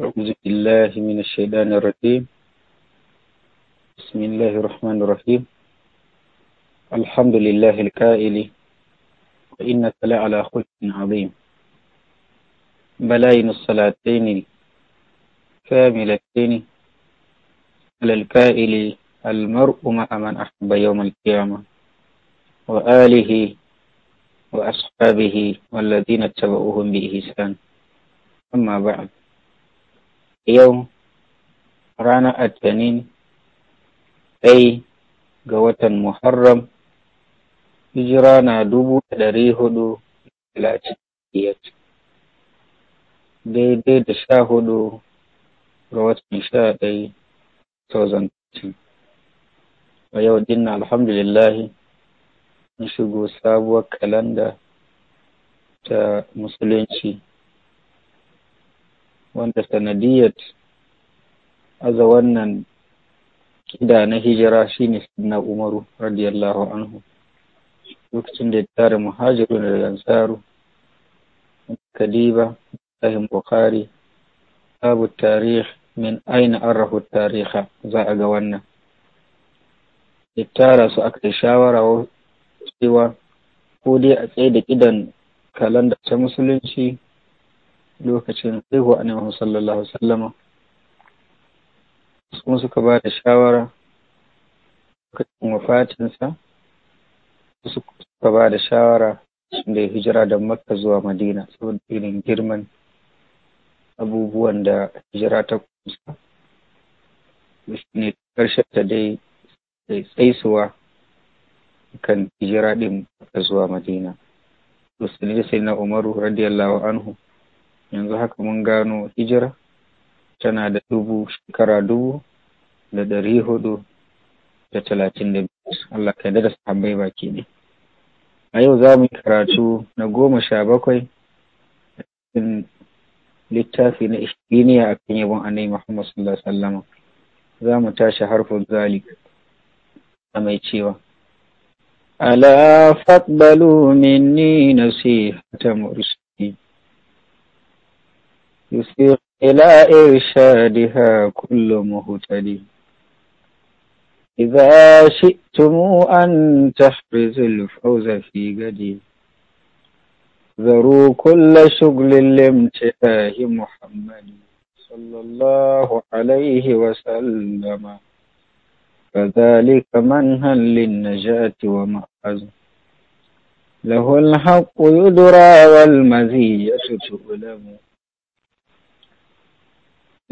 أعوذ بالله من الشيطان الرجيم بسم الله الرحمن الرحيم الحمد لله الكائل وإنك على خلق عظيم بلاين الصلاتين كاملتين على الكائل المرء مع من أحب يوم القيامة وآله وأصحابه والذين اتبعوهم بإحسان أما بعد yau rana Altanin ɗai ga watan Muharram, hijira na dubu ɗari hudu daidai da sha hudu ga watan sha ɗai A yau dinna alhamdulillahi in shigo sabuwar kalanda ta musulunci. wanda sanadiyat aza wannan kida na hijira shine na umaru radiyallahu anhu lokacin da ya tara muhajiru da ansaru kadiba sahih bukhari babu tarih min aina arahu tariha za a ga wannan ya su aka yi shawara cewa ko dai a tsaye da kidan kalanda ta musulunci lokacin haihuwa annabi sallallahu sallama kuma suka ba da shawara lokacin wafatinsa suka ba da shawara da hijira da makka zuwa madina saboda irin girman abubuwan da hijira ta kusa ne karshe ta dai tsaisuwa kan hijira din zuwa madina ne sai na umaru radiyallahu anhu yanzu haka mun gano hijira tana da dubu shekara dubu da ɗari hudu da talatin da biyu Allah ka da sahabbai baki ne a yau za mu yi karatu na goma sha bakwai cikin littafi na ishiriniya a kan yabon annabi Muhammad sallallahu alaihi wasallam za mu tashi harfin zalik a mai cewa ألا فاقبلوا مني نصيحة مرسل يسير إلى إرشادها كل مهتدي إذا شئتم أن تحرزوا الفوز في غدي ذروا كل شغل لامتهاه محمد صلى الله عليه وسلم فذلك منها للنجاة ومأخذ له الحق يدرى والمزية تؤلم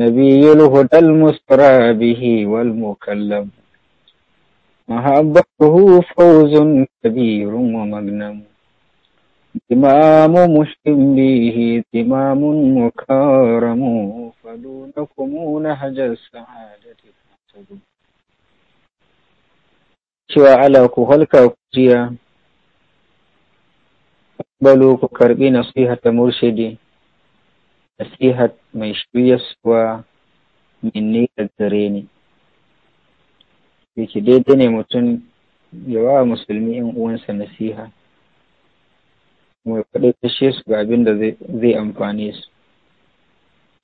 نبي الهدى المسرى به والمكلم محبته فوز كبير ومغنم تمام مشتم به تمام مكارم فدونكم نهج السعادة تحسب شوى على كهلك halka أقبلوا jiya نصيحة مرشدي nasihat mai shiryaswa mai da gare ni yake daidai ne mutum ya wa musulmi yan uwansa nasiha kuma ya faɗi kashe su ga abin da zai amfane su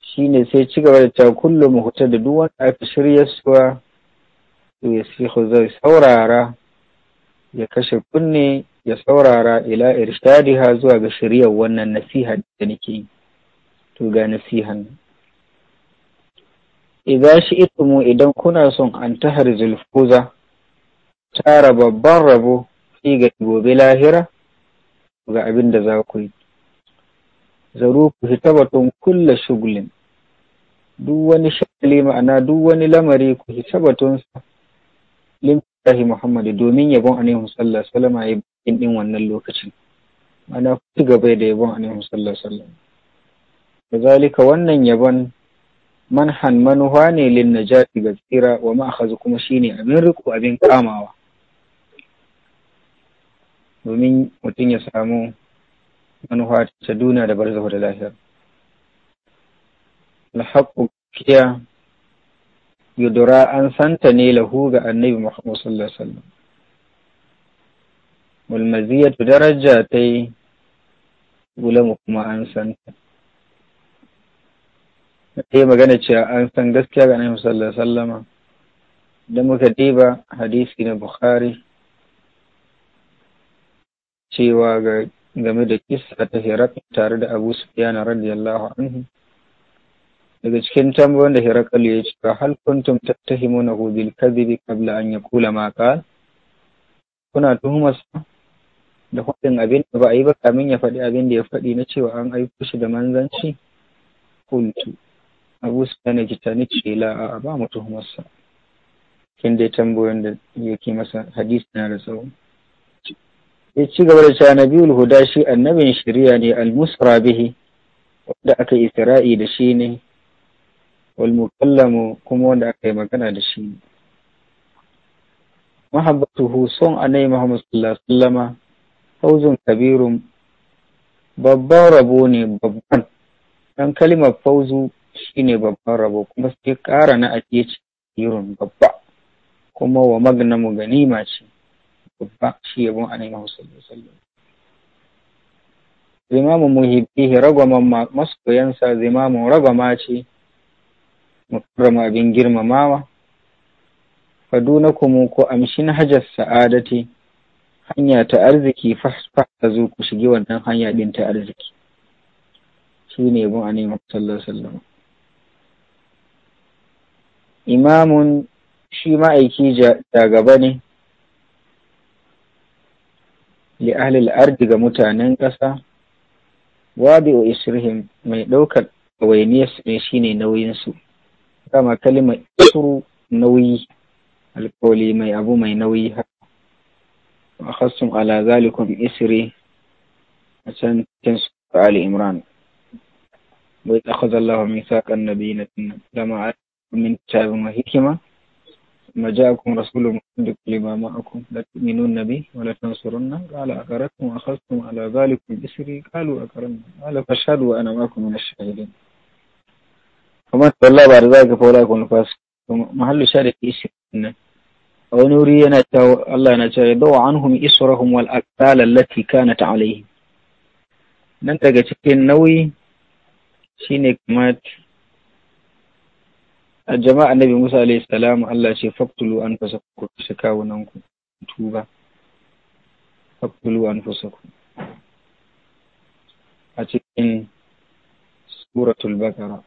shi ne sai ci gaba da ta kullum hutar da duk wanda aka suwa to ya zai saurara ya kashe kunne ya saurara ila irshadiha zuwa ga shiryar wannan nasiha da nake yi to ga nasihan idza shi'tumu idan kuna son an tahar zulfuza tara babban rabo fi ga gobe lahira ga abin da za ku yi zaru ku hitabatun kulla shugulin duk wani shagali ma'ana duk wani lamari ku hitabatun sa limtahi muhammadu domin yabon alaihi sallallahu alaihi wasallam a yi bakin din wannan lokacin mana ku ci gaba da yabon a sallallahu alaihi wasallam kazalika wannan yabon manhan manuwa ne lin najati ga tsira wa ma'akhaz kuma shine abin riko abin kamawa domin mutum ya samu manuwa ta duniya da barzahu da lahiyar alhaqqu kiya yudura an santa ne lahu ga annabi Muhammad sallallahu alaihi wasallam wal maziyatu yi gulamu kuma an santa yi magana cewa an san gaskiya ga Annabi sallallahu alaihi wasallama da muka diba hadisi na Bukhari cewa ga game da kisa ta Hirak tare da Abu Sufyan radiyallahu anhu daga cikin tambayoyin da Hirakal ya ce hal kuntum hu bil kadhibi qabla an yaqula ma qal kuna tuhumar da faɗin abin da ba a yi ba kamin ya faɗi abin da ya faɗi na cewa an aiko shi da manzanci kuntum abu sufyan ji ta ce la a ba mu tuhumarsa kin dai tambayoyin da yake masa hadisi na da tsawo ya ci gaba da cewa nabiyul huda shi annabin shari'a ne al-musra bihi wanda aka isra'i da shi ne wal mukallamu kuma wanda aka yi magana da shi ne mahabbatuhu son annabi muhammad sallallahu alaihi wasallama fauzun kabirun babban rabo ne babban dan kalimar fauzu shine babban rabo kuma sai ƙara na ake ce irin babba kuma wa mu ganima ce babba shi yabon a nema musallu sallam zimamu muhibbihi ragwaman masoyansa zimamu ragwama ce mukarrama bin girmamawa faduna kuma ko amshin hajar sa'adati hanya ta arziki ta zo ku shige wannan hanya din ta arziki ne yabon a nema musallu sallam imamun shi ma'aiki gaba ne li ahlil ardi ga mutanen ƙasa Wabi'u wa isrihim mai ɗaukar ɗawainiyar su ne shine nauyinsu kama kalima isru nauyi alkawali mai abu mai nauyi wa khassum ala zalikum isri a can cikin su ali imran bai tsakhazallahu mithaqan nabiyina lama من كتاب وحكمة ما جاءكم رسول مصدق لما معكم لتؤمنون به ولا تنصرنه قال أقرتم وأخذتم على ذلك بإسري قالوا أقرنا قال فاشهدوا وأنا معكم من الشاهدين فما تولى بعد ذلك فأولئك هم الفاسقون محل الشاهد في إسرنا أو نوري الله ينتهي يضوى عنهم إسرهم والأكتال التي كانت عليهم nan daga cikin nauyi shine kamar a jama'a na bi Musa alaihi salam Allah ce faktulu an fasa ku kashe kawunan ku tuba faktulu an fasa ku a cikin suratul bakara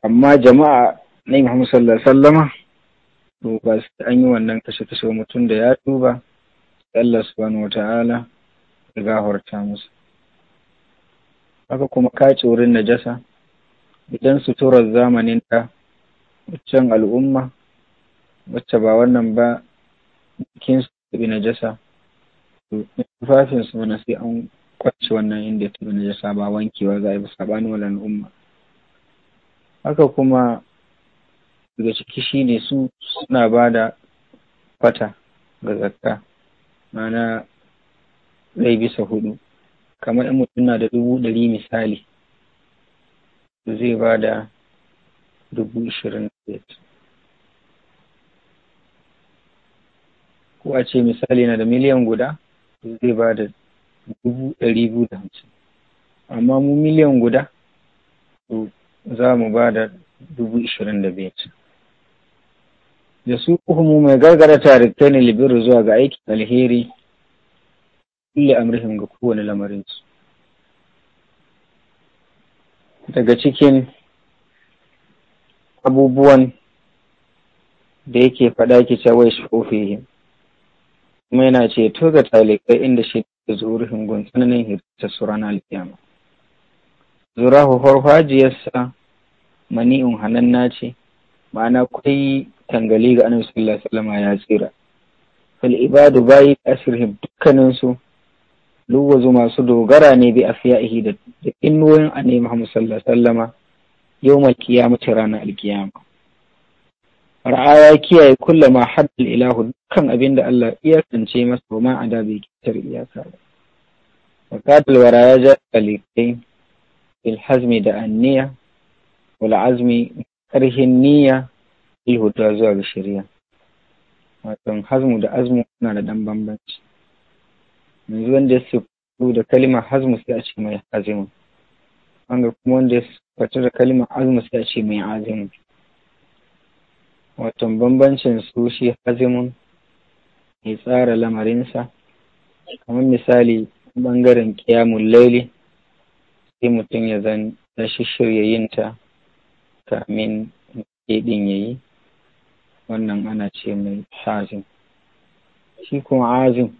amma jama'a na Muhammad sallallahu alaihi sallama to ba sai an yi wannan kashe kashe mutum da ya tuba Allah subhanahu wata'ala ya gahorta musu haka kuma kace wurin najasa idan suturar zamanin da waccan al'umma wacce ba wannan ba jikin su tabi najasa tufafin su na sai an kwace wannan inda ya bi najasa ba wankewa za a yi sabani wal al'umma haka kuma daga ciki ne su suna ba da fata ga zakka ma'ana zai bisa hudu kamar in mutum na da dubu ɗari misali zai ba da dubu ishirin da ko a ce misali na da miliyan guda zai ba da dubu ɗari biyu da hamsin amma mu miliyan guda za mu ba da dubu ishirin da biyar da su kuma mai gargara tarikai ne libiru zuwa ga aikin alheri kulli amrihim ga kowane lamarin su daga cikin abubuwan da yake faɗa kica, ce wai shofihim kuma yana ce to ga talikai inda shi da zuruhin gunsunanin hirta surana ranar alkiyama zurahu horfajiyarsa mani'un hananna ce ma'ana kwai tangali ga annabi sallallahu alaihi ya tsira fal ibadu bayi asirhim dukkaninsu duk wazo masu dogara ne bi afiyahi da da a annabi Muhammad sallallahu alaihi wasallam mace rana ranar alqiyama ya kiyaye kulla ma haɗin ilahu dukkan abin da Allah iya kance masa ba ma da bai kitar iyaka ba wa qadal wara ya ja alikain bil hazmi da anniya wal azmi karhin niyya ihuta zuwa ga shari'a wato hazmu da azmu suna da ɗan bambanci yanzu wanda ya sifatu da kalima hazmu sai a ce mai azimu wanda kuma wanda ya sifatu da kalima hazmu sai a ce mai azimu watan bambancin su shi hazimun ya tsara lamarinsa kamar misali bangaren kiyamun laili sai mutum ya zan ya shirya yin ta kamin ɗin ya yi wannan ana ce mai hazim shi kuma azim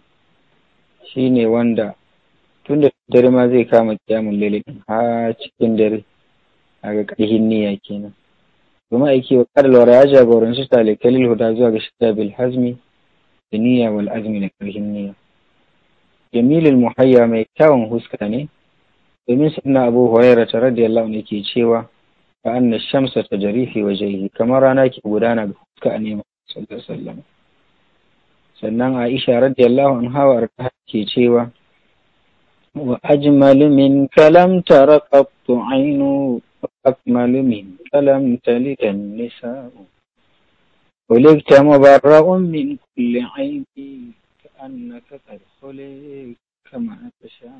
shi ne wanda tun da dare ma zai kama kiyamun lele ha cikin dare a ga ƙarhin niyya kenan kuma aiki wa lura ya jagoranci kalil huda zuwa ga shida bil hazmi da niyya wal azmi da ƙarhin niyya jamilul muhayya mai kyawun huska ne domin sunna abu tare da radiyallahu ne ke cewa fa na shamsa ta fi wajhihi kamar rana ke gudana ga huska a neman sallallahu alaihi sannan Aisha radiyallahu hawa wa ke cewa wa ajmalu min kalam tara qattu ainu wa akmalu min kalam talita nisa'u ولقت مبرأ من كل عيب كأنك قد sha كما تشاء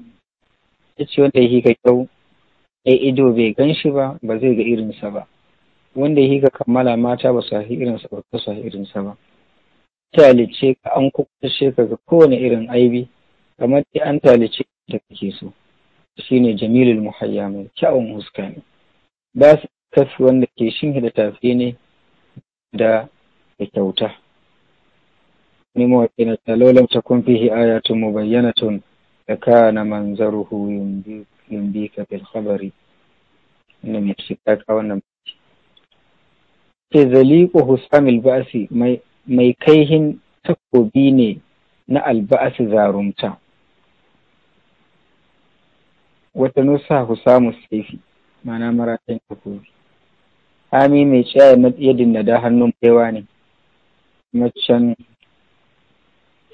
yace wanda yake ka kyau ai ido bai gan shi ba ba zai ga irinsa ba wanda yake ka kammala mata ba su irinsa ba ba su irinsa ba talice ka an kukushe ka ga kowane irin aibi kamar dai an talice da kake so Shi shine jamilul muhayya mai kyawun huska ne ba su kafi wanda ke da tafi ne da da kyauta ni mawaƙi na talolam ta kun mu bayyana tun da ka na kana bi ka fi habari, ina mai shi ka wannan zali ko husamil ba'si mai mai kaihin takobi ne na alba'asu zarumta wata nusa ku samu saifi mana maratan takobi hami mai ciyaye yadin na da hannun baiwa ne macen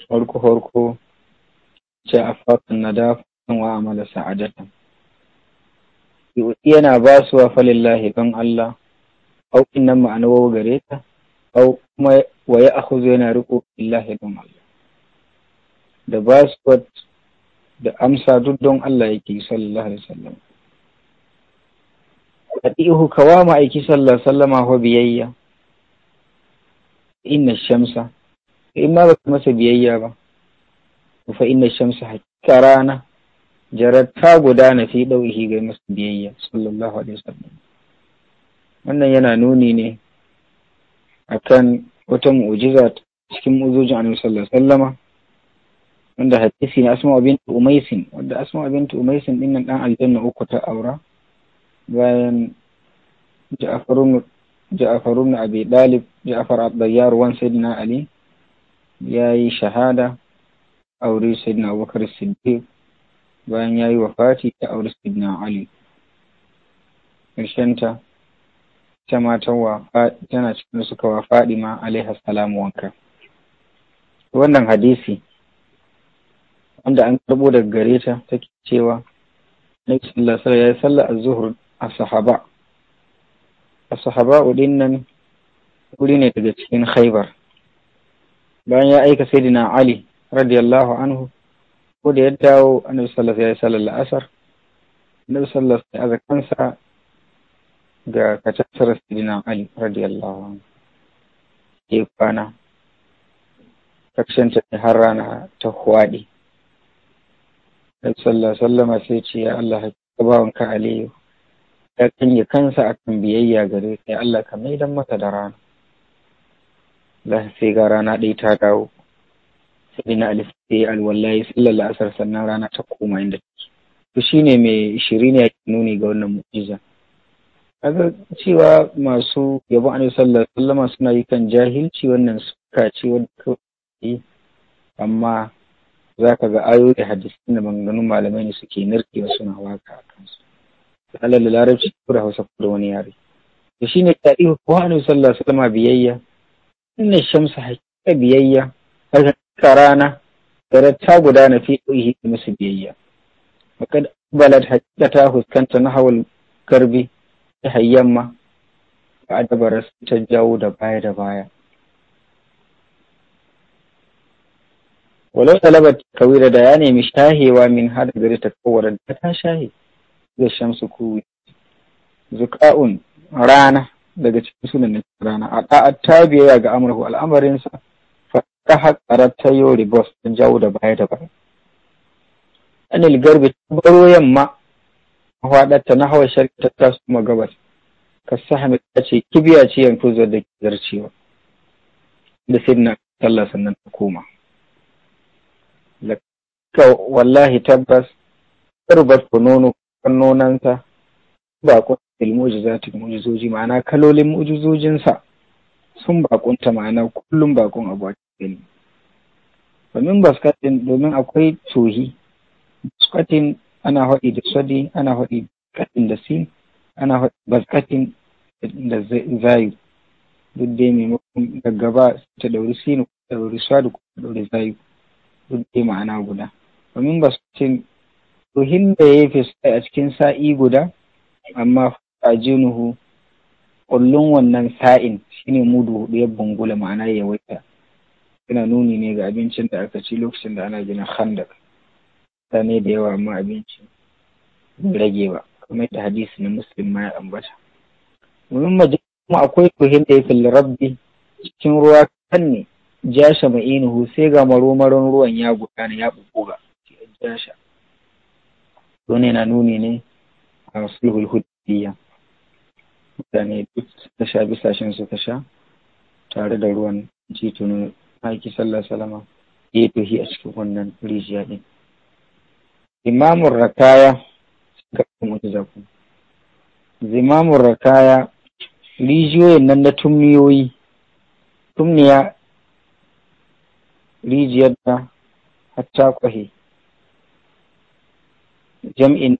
horko-horko ce a fatan na da wa amala sa'adatan yana ba su wa falillahi don Allah aukin nan ma'anawo gare ta au kuma waye a akhudhu yana riko illahi don Allah da basquat da amsa duk don Allah yake sallallahu alaihi wasallam ihu kawa ma'aiki sallallahu sallama wa biyayya inna shamsa in ma baka masa biyayya ba fa inna shamsa hakika rana jarar ta gudana fi ɗauki ga masa biyayya sallallahu alaihi wasallam wannan yana nuni ne akan wata mu'jiza cikin mu'jizojin annabi sallallahu alaihi wasallama wanda hadisi na asma bint umaisin wanda asma bint umaisin din nan dan aljanna uku ta aura bayan ja'far ibn ja'far ibn abi dalib ja'far ad-dayyar wan sayyidina ali yayi shahada aure sayyidina abubakar siddiq bayan yayi wafati ta aure sayyidina ali ƙarshenta ita ma tana cikin suka wa Fadima alaihi salamu wanka. Wannan hadisi wanda an karbo daga gare ta take cewa Nabi sallallahu alaihi ya yi sallar az-zuhr a sahaba. A sahaba udin nan wuri ne daga cikin Khaibar. Bayan ya aika Sayyidina Ali radiyallahu anhu ko da ya dawo Annabi sallallahu alaihi ya yi sallar la'asar. Annabi sallallahu alaihi ya kansa ga kacassar sidina Ali radiyallahu anhu ke kwana kakshanta har rana ta hwaɗe. Dan sallah sallama sai ce ya Allah ka ba wanka aliyu ya kanye kansa a kan biyayya gare ka ya Allah ka maidan mata da rana. Allah sai ga rana ɗaya ta dawo. Sidina Ali sai alwallahi sallallahu asar sannan rana ta koma inda take. To shine mai shiri ne ya nuni ga wannan mu'jiza. ga cewa masu yabon annabi sallallahu suna yi kan jahilci wannan suka ce wanda amma za ka ga da hadisi da manganun malamai ne suke narkewa suna waka a kansu alal da larabci ko da hausa ko da wani yare to shine ta iya ko annabi sallallahu alaihi biyayya inna shamsa haqiqa biyayya haqiqa rana da ta gudana fi ihi musu biyayya faqad balat haqiqa ta huskanta hawan karbi ta yamma, ba a dabara ta jawo da baya da baya walau ta kawai da ya nemi shahewa min hada gari ta kowar da ta shahe da shamsu kuwi zuka'un rana daga cikin sunan rana a ta'at ta biyayya ga amurku al'amarinsa fata haƙara ta yi ribos don jawo da baya da baya anil garbi ta baro yamma mafaɗarta na hawa shari'a ta taso kuma gabas kasahami ta ce kibiya ce yankuzo da ke zarcewa da sai na sallah sannan ta koma ka wallahi tabbas tarbar nono kannonansa ba kuntil mujizatul mujizoji ma'ana kalolin mujizojinsa sun bakunta ma'ana kullum bakun abu a cikin domin baskatin domin akwai tohi baskatin ana haɗi da sadi ana haɗi katin da si ana haɗi bazkatin da zayu duk dai maimakon gaggaba ta ɗauri sinu ko ta ɗauri sadu ko ta ɗauri zayu duk dai ma'ana guda domin ba su ce ruhin da ya yi a cikin sa'i guda amma a nuhu, kullum wannan sa'in shine mudu hudu ya bungula ma'ana ya yawaita yana nuni ne ga abincin da aka ci lokacin da ana gina khandak mutane da yawa amma abinci bai rage ba kamar yadda hadisi na muslim ma ya ambata domin kuma akwai kuhin da ya fili rabbi cikin ruwa kan ne jasha inuhu sai ga maromaron ruwan ya gudana ya bubuga jasha Dole na nuni ne a sulhul hudiyya mutane duk ta sha bisashen su ta tare da ruwan jitunan aiki sallah salama ya yi tuhi a cikin wannan rijiya din Zimamun rakaya zimamun rakaya rijiyoyin nan na tumniyoyi tumniya rijiyar da hatta kwahe eh, jam'in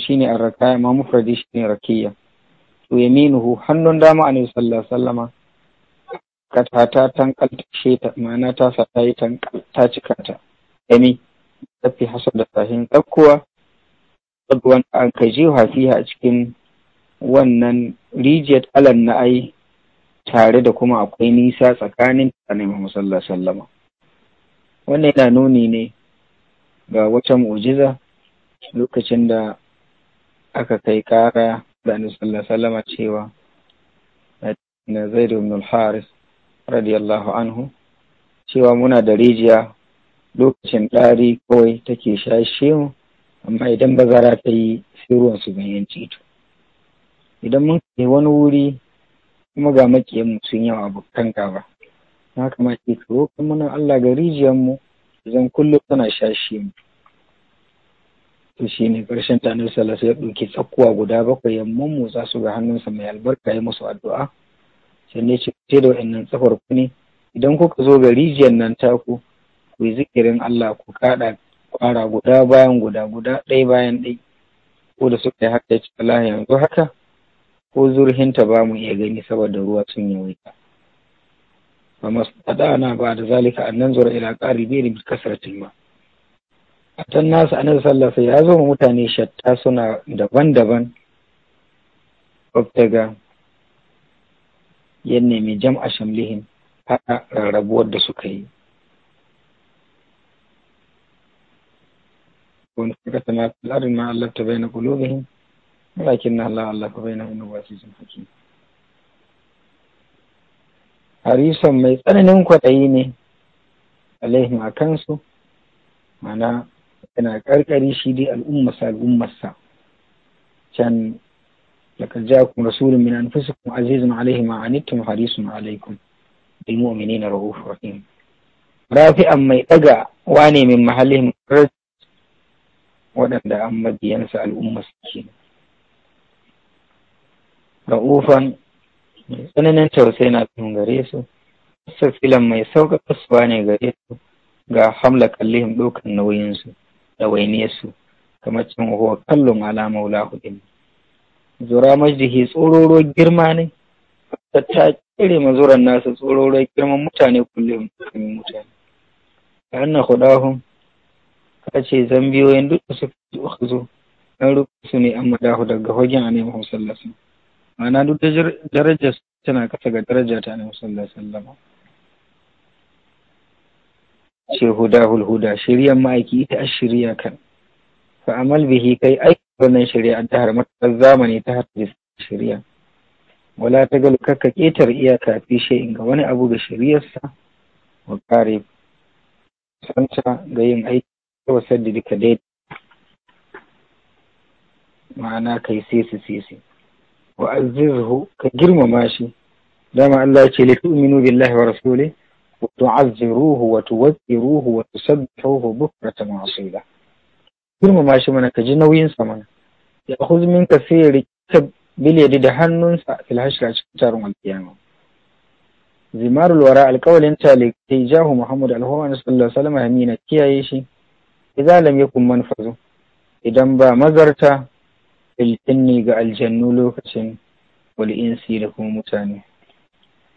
shi ne a rakaya ma mufradi shi ne rakiya to yaminuhu hannun dama a nabi sallallahu sallama ka ta tankal ta sheta ma'ana ta sa ta yi tankal ta cika ta yami tafi hasar da sahin ɗaukowa ɗabuwan an kai jewa fiye a cikin wannan rijiyar alan na ai tare da kuma akwai nisa tsakanin tsanai Muhammad sallallahu alaihi wannan yana nuni ne ga wata mu'jiza lokacin da aka kai kara da annabi sallallahu alaihi cewa na zai ibn al-Haris radiyallahu anhu cewa muna da rijiya lokacin ɗari kawai take shashe mu amma idan bazara ta yi sai ruwan su ganyen cito idan mun kai wani wuri kuma ga makiyan mu sun yawa abokan gaba na kama ke roƙa muna Allah ga rijiyar mu idan kullum tana shashe mu to shi ne ƙarshen ta annabi ya ɗauki tsakuwa guda bakwai yamman mu za su ga hannunsa mai albarka ya musu addu'a sai ne ce da wa'annan tsafar ku ne idan kuka zo ga rijiyar nan taku ku yi zikirin Allah ku kada kwara guda bayan guda guda ɗaya bayan ɗai ko da suka yi haka ya ce Allah yanzu haka ko zurhinta ba mu iya gani saboda ruwa sun yi yawaita fa ana ba da zalika nan zura ila qaribi bi ba. A can nasu annabi sallah sai ya zama mutane shatta suna daban-daban ga ya nemi jam'a shamlihin haɗa rarrabuwar da suka yi وان كنت كما الارض ما الفت بين قلوبهم ولكن الله الف بينهم انه عزيز حكيم حريصاً mai tsananin kwaɗayi ne alaihim a kansu mana yana ƙarƙari shi dai al'ummasa al'ummasa can laka ja kun rasulun min an fusa kun azizun alaihim a anittum harisun alaikum bin mu'minina rahufu rahim rafi'an mai ɗaga wane min mahallin rarci waɗanda an mabiyansa al'umma suke ga ufan mai tsananin tausayi na tun gare su filan mai sauƙaƙa su ba ne gare su ga hamla kallihim ɗaukan nauyinsu da waine su kamar cin huwa kallon alama wula hudin zura majihi tsororo girma ne ta kere mazuran nasu tsororo girman mutane kullum mutane ta hannun hudahun ta ce zambiyoyin duk da suka ji zo an rufe su ne an madahu daga fagen a nemi sallallahu ma'ana duk da darajar tana kasa ga daraja ta nemi sallallahu lama ce huda hulhuda shiryan ma'aiki ita shirya kan fa amal bihi kai aiki wannan shirya, ta har matakar zamani ta har shirya. wala ta galu kakka ketar iyaka fi in ga wani abu ga shiryarsa, wa kare santa ga yin aiki وسدد كديد ma'ana kai sisi sisi wa azizhu ka girmama shi dama Allah ya ce li tu'minu billahi wa rasuli wa tu'azziruhu wa tuwaqqiruhu wa tusabbihuhu bukratan wa asila girmama shi mana ka ji nauyin sa mana ya khuz min kasiri ka bilyadi da hannunsa fil hashra cikin tarin alkiyama zimarul wara alqawlin talik tijahu muhammad alhuwa sallallahu alaihi wasallam hamina kiyaye shi idza lam yakun manfazu idan ba mazarta ilkinni ga aljannu lokacin wal da kuma mutane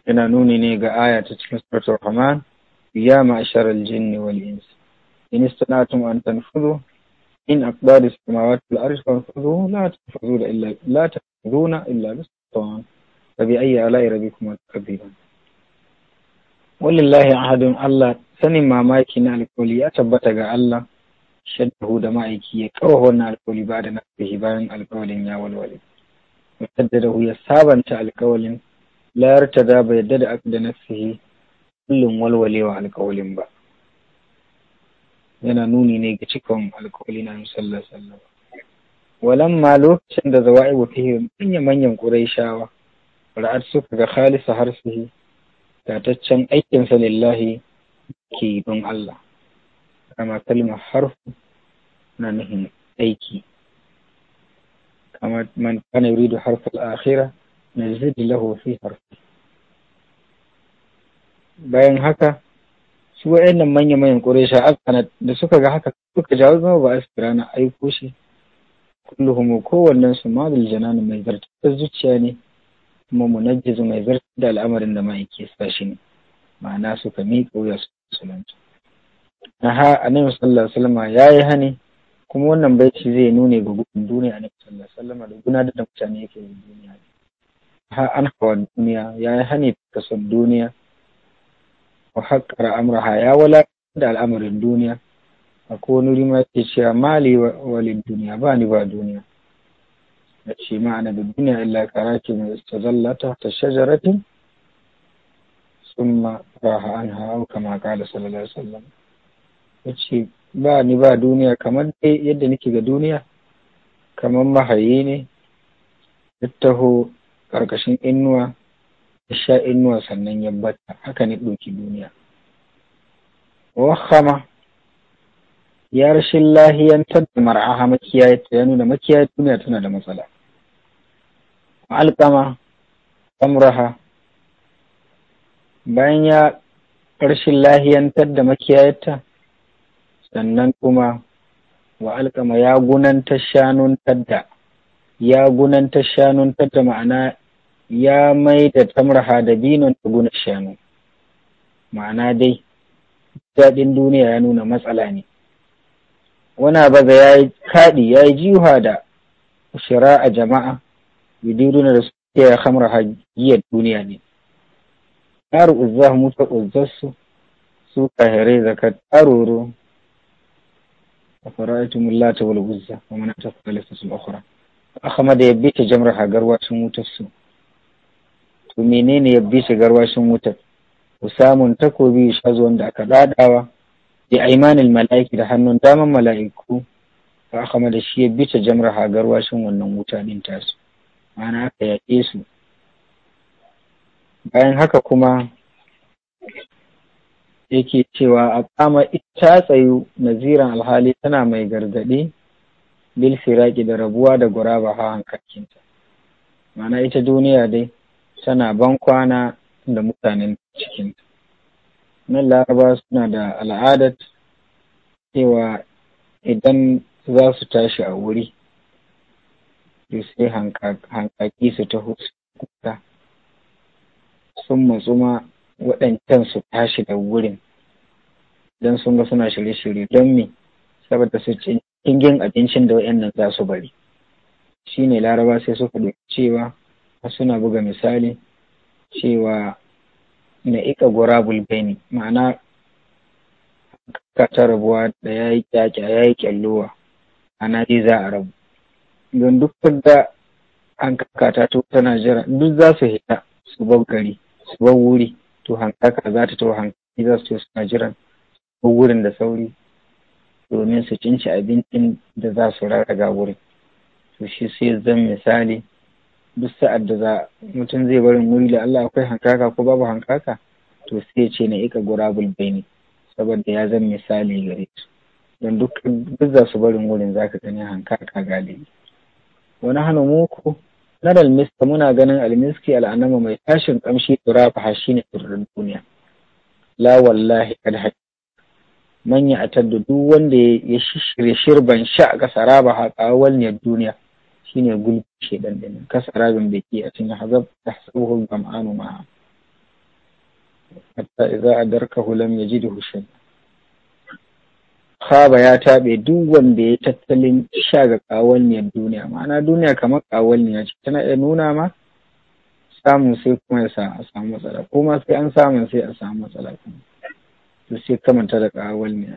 yana nuni ne ga aya ta cikin suratul rahman ya ma'ashar aljinni wal insi in istana'tum an tanfudu in aqdaru samawati wal ardi fanfudu la tanfuduna illa la tanfuduna illa bisultan fa bi ayyi ala'i rabbikum tukadzibun ahadun allah sanin mamaki na alkoli ya tabbata ga allah shaddahu da ma'aiki ya kawo wannan alkawali ba da nasihi bayan alkawalin ya walwale musaddadahu ya sabanta alkawalin layar ta da bai yadda da aka da nasihi kullum walwalewa alkawalin ba yana nuni ne ga cikon alkawali na musallar sallama walan ma lokacin da zawa'i wa fihi manyan ƙuraishawa ra'ad suka ga khalisa harsihi tataccen aikinsa lillahi ke don Allah Kama kalmar harfu na nufin aiki kamar man kana yuridu harfal akhira nazid lahu fi harfi bayan haka su wayannan manya manyan quraisha afana da suka ga haka suka jawo zama ba asira na aiko shi Kullum kowannen su madal janan mai zartar zuciya ne kuma munajjizu mai zartar da al'amarin da ma'aike sa shi ne ma'ana suka miƙa wuya su musulunci ha annabi sallallahu alaihi ya yayi hani kuma wannan bai shi zai nune ga gudun duniya annabi sallallahu alaihi wasallama da guna da mutane yake yin duniya ha an hawa duniya yayi hani ta son duniya wa haqqara amraha ya wala da al'amarin duniya akwai wani rima yake cewa mali walin duniya ba ni ba duniya ya ce ma'ana da duniya illa karaki mai istazalla ta ta shajaratin summa raha hawa kama kala sallallahu alaihi wasallam ya ce ba ni ba duniya kamar dai yadda nake ga duniya kamar mahayi ne ya taho ƙarƙashin inuwa ya sha inuwa sannan ya bata haka ne ɗauki duniya wahama ya rashin lahiyantar da mar'aha makiyaya ta ya nuna makiyaya duniya tana da matsala alƙama amraha bayan ya rashin lahiyantar da makiyayarta sannan kuma wa alkama ya gunanta shanun tadda ya gunanta shanun tadda ma'ana ya mai da tamraha da binon ta guna shanu ma'ana dai daɗin duniya ya nuna matsala ne wana baza ya yi kaɗi ya yi jiwa da shira a jama'a bidiru da suke ya hamra hajiyar duniya ne ƙaru uzza musa uzzarsu su kahere zakat aroro أفرأيتم اللات والعزى ومناة الثالثة الأخرى أخمد يبيت جمرها قرواشن وتفسو to menene ya bishe garwashin wutar Ku samun takobi ya shazo wanda aka dadawa da aimanin mala'iki da hannun daman mala'iku fa aka da shi ya bice jamraha garwashin wannan wuta din tasu ma'ana aka yaƙe su bayan haka kuma yake cewa a kama ita tsayu naziran alhali tana mai gargaɗi bil firaki da rabuwa da guraba ha hankakinta mana ita duniya dai tana ban kwana da mutanen cikinta nan laraba suna da al'adat cewa idan za su tashi a wuri sai hankaki su taho su sun matsuma. waɗancan su tashi da wurin don sun ga suna shirye-shirye don me saboda su cikin abincin da waɗannan za su bari shi ne laraba sai suka da cewa suna buga misali cewa na iƙa gurabul ne," ma'ana ka ta rabuwa da ya yi kyakya ya yi ƙyallowa a dai za a rabu don duk da an kakata to tana jira duk za su hita su bau gari su bau wuri to hankaka za ta tawo hankali za su suna jiran wurin da sauri domin su cinci abincin da za su ga wurin to shi sai zan misali duk sa'ad da za mutum zai barin wuri da Allah akwai hankaka ko babu hankaka to sai ce na ika gurabul baini saboda ya zan misali gare su don duk za su barin wurin za ka gani hankaka galibi wani hana muku Nadal Mista muna ganin almiski al'anama mai tashin kamshi turafa har ne turin duniya. La wallahi kad haƙi. Manya a duk wanda ya shirye shirban sha a ƙasa raba haƙawal ne duniya shine gulbi shi ɗan ɗanin kasa rabin biki a cinye hazab da tsohon zam'anu ma'a. Hatta idza adarkahu lam yajidu shay'an. kaba ya taɓe duk wanda ya tattalin isha ga ƙawalniyar duniya ma'ana duniya kamar ƙawalniya ce tana iya nuna ma samun sai kuma ya sa a samu matsala ko ma sai an samun sai a samu matsala kuma to sai kamanta da ƙawalniya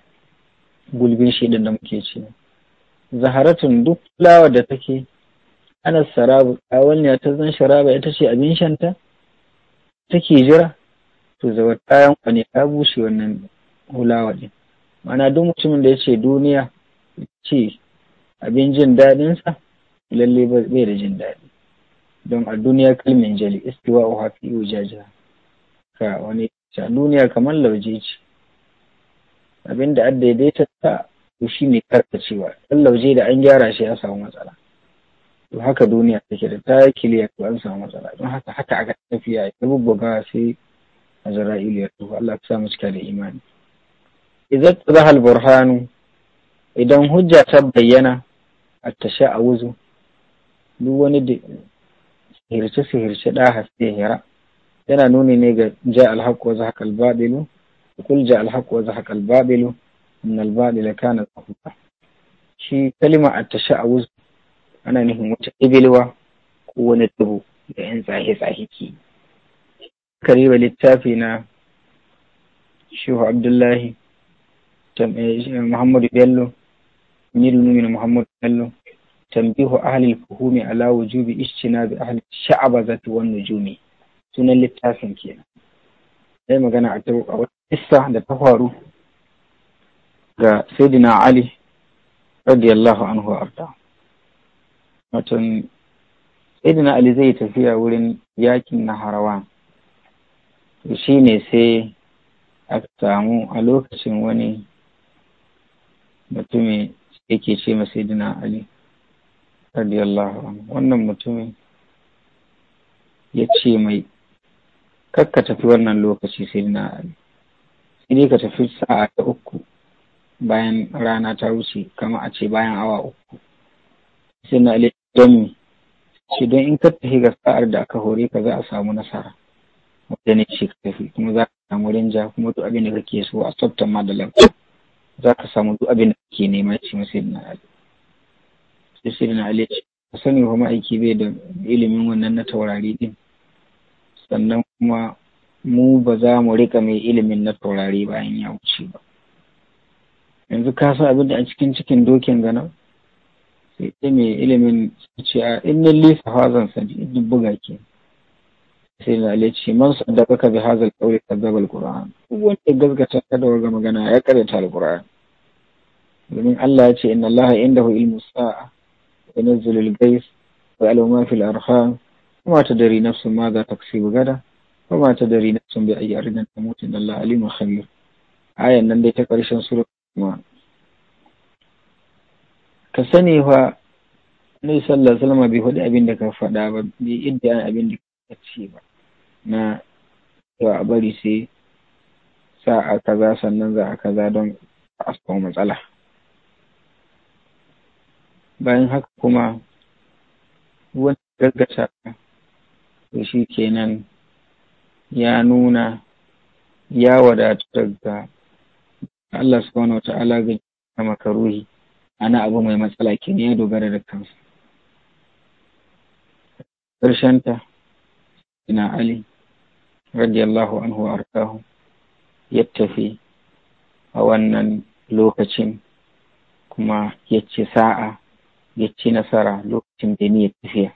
gulbin shaidan da muke ce zaharatun duk lawa da take ana sarabu ƙawalniya ta zan sharaba ita ce abin shanta take jira to zawar kayan kwane ta bushe wannan hulawa ɗin mana duk mutumin da ya ce duniya ce abin jin daɗinsa lalle bai da jin daɗi don a duniya kalmin jali istiwa o hafi iyo jaja ka wani a duniya kamar lauje ce abin da ya daita ta to shi ne cewa. ɗan lauje da an gyara shi ya samu matsala to haka duniya take da ta kiliya to an samu matsala don haka haka aka tafiya ya bubbuga sai a ya to Allah ka sa mu cika da imani idza zahal burhanu idan hujja ta bayyana a tasha a wuzu duk wani da sihirce sihirce da haske hira yana nuni ne ga ja alhaq wa zahaq albabilu kul ja alhaq wa zahaq albabilu in albabila kana zahuqa shi kalima a tasha a wuzu ana nufin wata ibilwa ko wani dubu da yan tsahe tsahe ke kariba littafi na shehu abdullahi muhammadu bello nil mumina muhammadu bello tambihu ahalil fuhumi ala wujubi sha'aba ahli sha'abazati wan nujumi sunan littafin kenan sai magana a wata kissa da ta faru ga sayyidina ali radiyallahu anhu arda watan saidina ali zai yi tafiya wurin yakin na harawa to shine sai asamu samu a lokacin wani mutumi yake ce masaidina ali radiyallahu anhu wannan mutumin ya ce mai kakka tafi wannan lokaci sai ali sai ka tafi sa'a ta uku bayan rana ta wuce kama a ce bayan awa uku sai na ali don ce don in ka tafi ga sa'ar da aka hore ka za a samu nasara wanda ne ce ka tafi kuma za ka samu rinja kuma duk abin da kake so a tsaftan ma da lafiya za ka samu duk abin da ke nema ce masa ibn ali sai sai ibn ali ce ka sani wa ma'aiki bai da ilimin wannan na taurari din sannan kuma mu ba za mu riƙa mai ilimin na taurari bayan ya wuce ba yanzu ka sa abin da a cikin cikin dokin gana sai mai ilimin ce a inna lisa hazan sani duk buga ke sai lalai ce man saddaqaka bi hadzal qawli kadzaba alquran duk wanda ya gaskata ka da wanga magana ya karyata alquran domin Allah ya ce inna Allah indahu ilmu sa'a yanzilu al-ghayth wa ya'lamu ma fil arham وما تدري نفس ماذا تكسب غدا وما تدري نفس بأي أرض تموت إن الله عليم خبير آية nan dai ta karshen sura kuma ka sani fa Nabi sallallahu alaihi wasallam bai faɗi abin da ka faɗa ba bai idda abin da lokaci ba na to a bari sai sa a kaza sannan za a kaza don a samu matsala bayan haka kuma wani gaggasa da shi kenan ya nuna ya wadatu daga Allah subhanahu wata'ala ga makaruhi ana abu mai matsala kenan ya dogara da kansa ƙarshenta ina ali radiyallahu anhu arkahu ya tafi a wannan lokacin kuma ya ci sa'a ya ci nasara lokacin da ni ya tafiya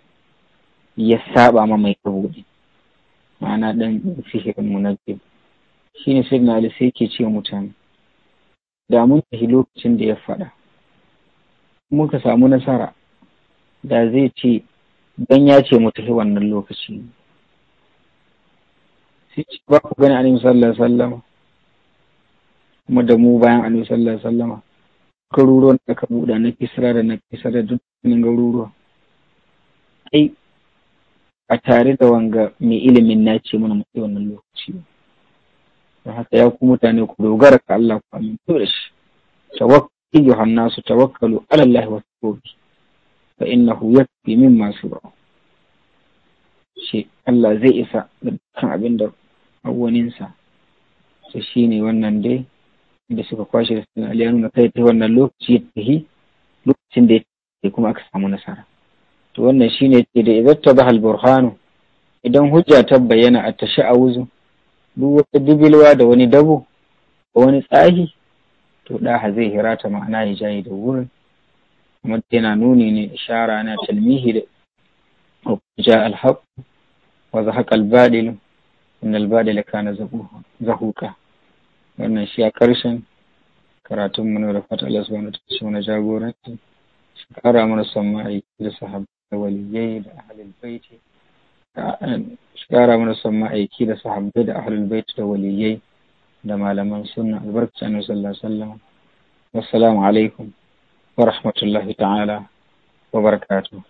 ya saba ma mai kabuɗi ma'ana ɗan sihirin Shi ne sirna ali sai ke ce mutane da mun tafi lokacin da ya faɗa muka samu nasara da zai ce dan ya ce mu tafi wannan lokaci yace ba ku gani annabi sallallahu alaihi wasallam kuma da mu bayan annabi sallallahu alaihi wasallam garuruwan da ka buɗa na kisra da na kisra da dukkanin garuruwa ai a tare da wanga mai ilimin na ce mana mutu wannan lokaci don haka ya ku mutane ku dogara ka Allah ku amintu da shi tawakkalu yohanna su tawakkalu ala Allah wa tawakkali fa innahu yakfi min masu ba shi Allah zai isa da dukkan abin da waninsa to shi ne wannan dai da suka kwashe da suna ya kai ta wannan lokaci ya tafi lokacin da ya kuma aka samu nasara to wannan shi ne ke da izatta ba burhanu idan hujja ta bayyana a tashi a wuzu duk wata dubilwa da wani dabo da wani tsahi to ɗaha zai hirata ma'ana ya jayi da wurin kuma yana nuni ne ishara na talmihi da ja alhaq wa zahaq al innal badila kana zahuka wannan shi a ƙarshen karatun mu da fata Allah subhanahu wa ta'ala mana jagoranci shi ƙara mana son ma'aiki da sahabbai da waliyai da ahlul baiti shi ƙara mana son ma'aiki da sahabbai da ahlul baiti da waliyai da malaman sunna albarkaci annabi sallallahu alaihi wasallam wassalamu alaikum wa rahmatullahi ta'ala wa barakatuh